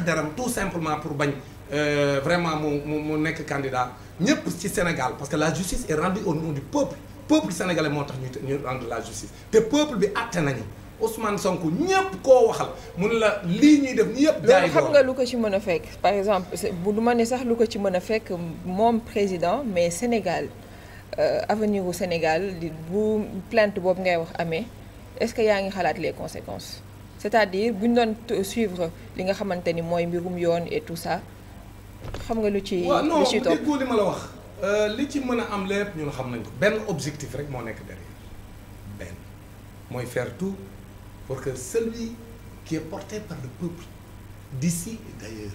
deram tout simplement pour bañ euh, vraiment mu mu mu nekk candidat ñëpp ci Sénégal parce que la justice est rendue au nom du peuple peuple sénégalais moo tax ñu ñu rendre la justice te peuple bi àtte nañu Ousmane Sonko ñëpp koo waxal mun la lii ñuy def ñëpp. jaay xam nga lu ko ci mën a fekk par exemple bu du ma ne sax lu ko ci mën a fekk moom président mais Sénégal euh, avenir wu Sénégal bu plainte boobu ngay wax amee est-ce que yaa ngi xalaat les conséquences. c'est-à-dire bu ñu doon suivre li nga xamante ni mooy mbirum yoon et tout ça xam nga lu ci. lu ci topp waaw non li ma la wax. Euh, li ci mën a am lépp ñun xam nañ ko benn objectif rek moo nekk derrière benn mooy faire tout pour que celui qui est porté par le peuple d'ici et d'ailleurs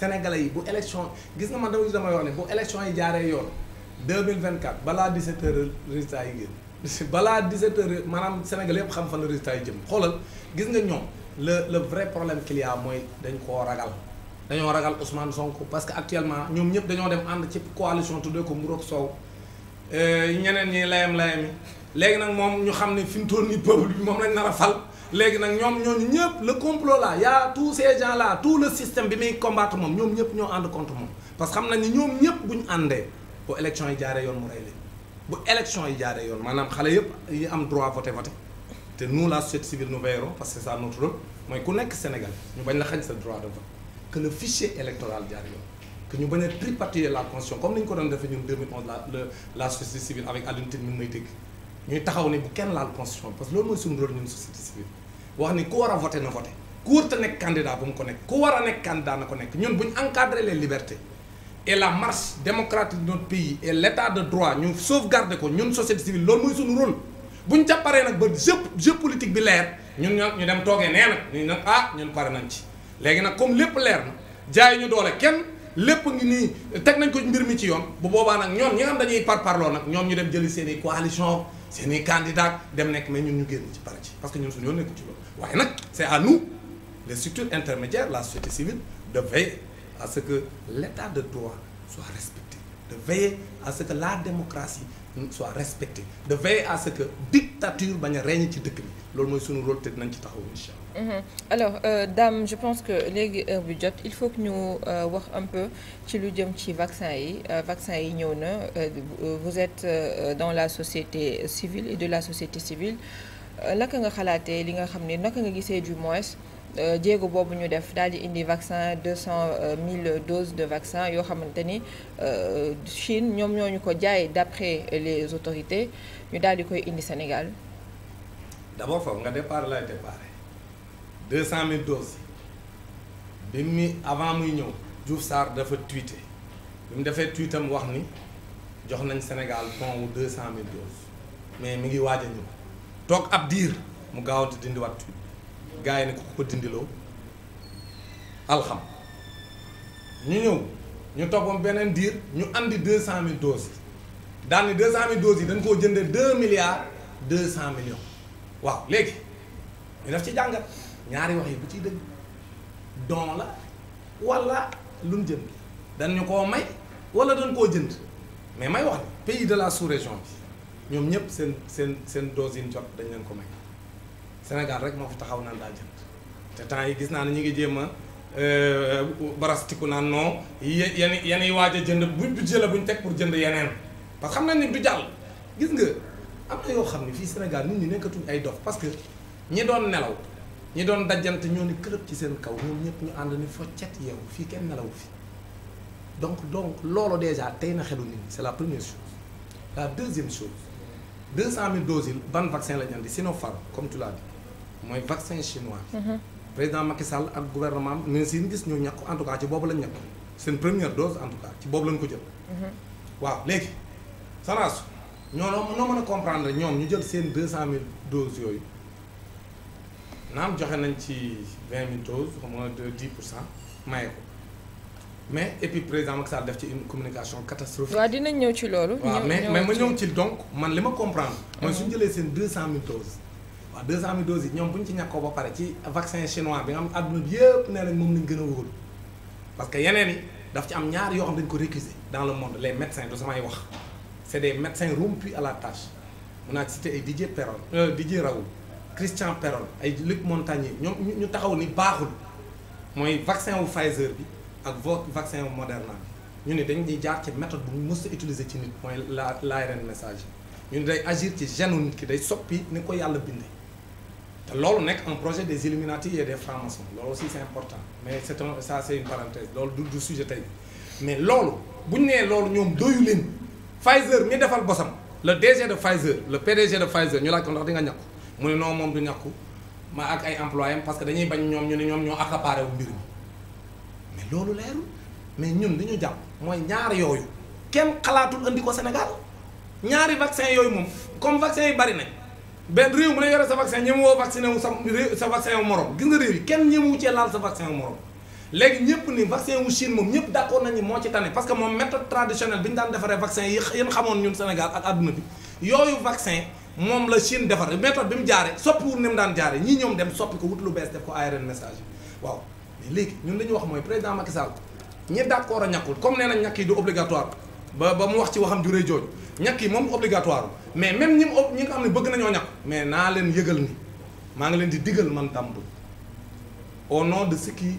sénégalais yi bu élection gis nga man dama damay bu élection yi jaaree yoon 2024 balaa 17 heures résultat yi génn balaa 17 heures maanaam sénégalais yëpp xam fan la yi jëm xoolal gis nga ñoom. le le vrai problème qu'il mooy dañ koo ragal dañoo ragal Ousmane Sonko parce que actuellement ñoom ñëpp dañoo dem ànd ci coalition tuddee ko Mburok Sow euh, ñeneen ñi layam layam yi léegi nag moom ñu xam ne fi mu toll nii peuple bi moom lañ nar a fal léegi nag ñoom ñooñu ñëpp le complot là y a tous ces tout le système bi muy combattre moom ñoom ñëpp ñoo ànd contre moom parce que xam nañ ni ñoom ñëpp bu ñu àndee bu élection yi jaaree yoon mu rey leen bu élection yi jaaree yoon maanaam xale yëpp am droit voté voté te nous la société civile nous veillerons parce que c'est ça notre rôle mooy ku nekk Sénégal ñu bañ la xañ sa droit de vote que le fichier électoral jaar yoon que ñu bañ a tripatouiller la constitution comme ni ñu ko doon defee ñun 2011 la la la société civile avec Alioune Tine mi ngi may ñuy taxaw ne bu kenn laal constitution parce que loolu mooy suñu rôle ñun société civile wax ni ku war a voté na voté ku a nekk candidat bu mu ko nekk ku war a nekk candidat na ko nekk ñun bu encadrer l' buñ ca paree nag ba jeu jeu politique bi leer ñun ñu dem toogee nee nag ñu nag ah ñun pare nañ ci léegi nag comme lépp leer na jaay ñu doole kenn lépp ngi nii teg nañ ko mbir mi ci yoon bu boobaa nag ñoom ñu nga dañuy par parloo nag ñoom ñu dem jëli seen i coalition seen i dem nekk mais ñun ñu génn ci pare ci parce que ñun suñu yoon nekku ci loolu waaye nag c'est à nous les structures intermédiaires la société civile de veiller à ce que l'état de droit soit de veiller à ce que la démocratie soit respectée de veiller à ce que dictature bañ a règne ci dëkk bi loolu mooy sunu rôle te dinañ ci taxaw incha allah. Mhm. alors euh, Dame je pense que léegi heure bi jot il faut que ñu euh, wax un peu ci lu jëm ci vaccin yi euh, vaccin yi ñëw na vous êtes dans la société civile et de la société civile naka nga xalaatee li nga xam ne naka nga gisee du moins. Euh, jéego boobu ñu def daal di indi vaccin deux cent euh, mille doses de vaccin yoo xamante ni euh, Chine ñoom ñoo ñu ko jaay d'après les autorités ñu daal di koy indi Sénégal. d'abord foofu nga départ lay départ deux cent mille doses bi mu avant muy ñëw Diouf Sarr dafa tweeté bi mu defee tweetam wax ni jox nañ Sénégal pont wu deux cent mille doses mais mi ngi waaj ñëw toog ab diir mu gaawantu dindiwaat tweet. gars yi ne ko ko dindiloo alxam ñu ñëw ñu toppam beneen diir ñu andi deux cent mille doses yi daal ni deux cent yi dañ koo jëndee deux milliards deux cent millions waaw léegi ñu def ci jàngat ñaari wax yi bu ciy dëgg don la wala luñ jën dañ ñu koo may wala dañ koo jënd mais may wax ni pays de la sous-région bi ñoom ñëpp seen seen seen doses yi ñu jot dañ leen ko may Sénégal rek moo fi taxaw naan daa te temps yi gis naa ne ñu ngi jéem a euh, barastiku naan non yan yan waaj a jënd bu budget buñ teg pour jënd yeneen parce que xam ne ni du jàll gis nga am na yoo xam ne fii Sénégal nit ñi nekkatuñ ay dof parce que ñi doon nelaw ñi doon dajante ñoo ni kërëb ci seen kaw ñoom ñëpp ñu ànd ni foccet yeewu fii kenn nelawu fii donc donc loolu déjà tey na xelu nit c'est la première chose la deuxième chose deux cent mille doses yi ban vaccin la ñu andi Sinopharm comme tu mooy vaccin chinois. Mm-hmm. président Macky Sall ak gouvernement am si ñu gis ñu ñàkk en tout cas ci boobu lañ ñàkk seen première dose en tout cas ci boobu lañ ko jël. Mm-hmm. waaw léegi SONAS ñoo noo mën a comprendre ñoom ñu jël seen deux cent mille doses yooyu naam joxe nañ ci vingt mille doses au moins de dix pour cent maye ko mais et puis président Macky Sall def ci une communication catastrophique. waaw dinañ ñëw ci loolu. ñëw mais mais ma ñëw ci donc man li ma comprendre. mooy suñu mm-hmm. jëlee seen deux cent mille waaw 200000 doses yi ñoom bu ñu ci ñàkkoo ba pare ci vaccin chinois bi am xam adduna bi yëpp nee nañ moom lañ gën a wóolu parce que yeneen yi daf ci am ñaari yoo xam dañ ko récuser dans le monde les médecins du samay wax c' est des médecins rompus à la tâche mun naa cité ay Didier Perron euh, Didier Raoult Christian Perron ay Luc montagne ñoom ñu taxaw ni baaxul mooy vaccin wu Pfizer bi ak vo vaccin wu Moderna ñu ne dañuy jaar ci méthode bu mu mës a utiliser ci nit mooy l'ARN messager ñu agir ci gène nit ki day soppi ni ko yàlla bindee. te loolu nekk un projet des Illuminati et des francs-maçons loolu aussi c'est important mais c'est un ça c'est une parenthèse loolu du du sujet tey mais loolu bu ñu nee loolu ñoom doyu leen Pfizer ñu defal bosam le DG de Pfizer le PDG de Pfizer ñu laaj ko ndax di nga mu ne non moom du ñàkku ma ak ay employés parce que dañuy bañ ñoom ñu ne ñoom ñoo accaparé wu mbir mi mais loolu leerul mais ñun li ñu jàpp mooy ñaar yooyu kenn xalaatul andi ko Sénégal ñaari vaccin yooyu moom comme vaccin yi bari nañ. benn réew mu ne yore sa vaccin ñi woo vacciné sa vaccin wu morom gis nga réew yi kenn ñi wu laal sa vaccin wu morom léegi ñëpp ni vaccin wu Chine moom ñëpp d'accord nañu moo ci tane parce que moom méthode traditionnelle bi ñu daan defaree vaccin yi yéen xamoon ñun Sénégal ak àdduna bi yooyu vaccin moom la Chine defar méthode bi mu jaare daan jaare ñii ñoom dem soppi ko wut lu bees def ko ARN message waaw mais léegi ñun li ñu wax mooy président Macky Sall ñi d'accord a ñàkkul comme nee nañ ñàkk yi ba ba mu wax ci waxam juree jooju ñàkk yi moom obligatoire mais même ñi mu ñi nga xam ne bëgg nañoo ñàkk mais naa leen yëgal ni maa ngi leen di digal man Dame Mbodj au nom de ce qui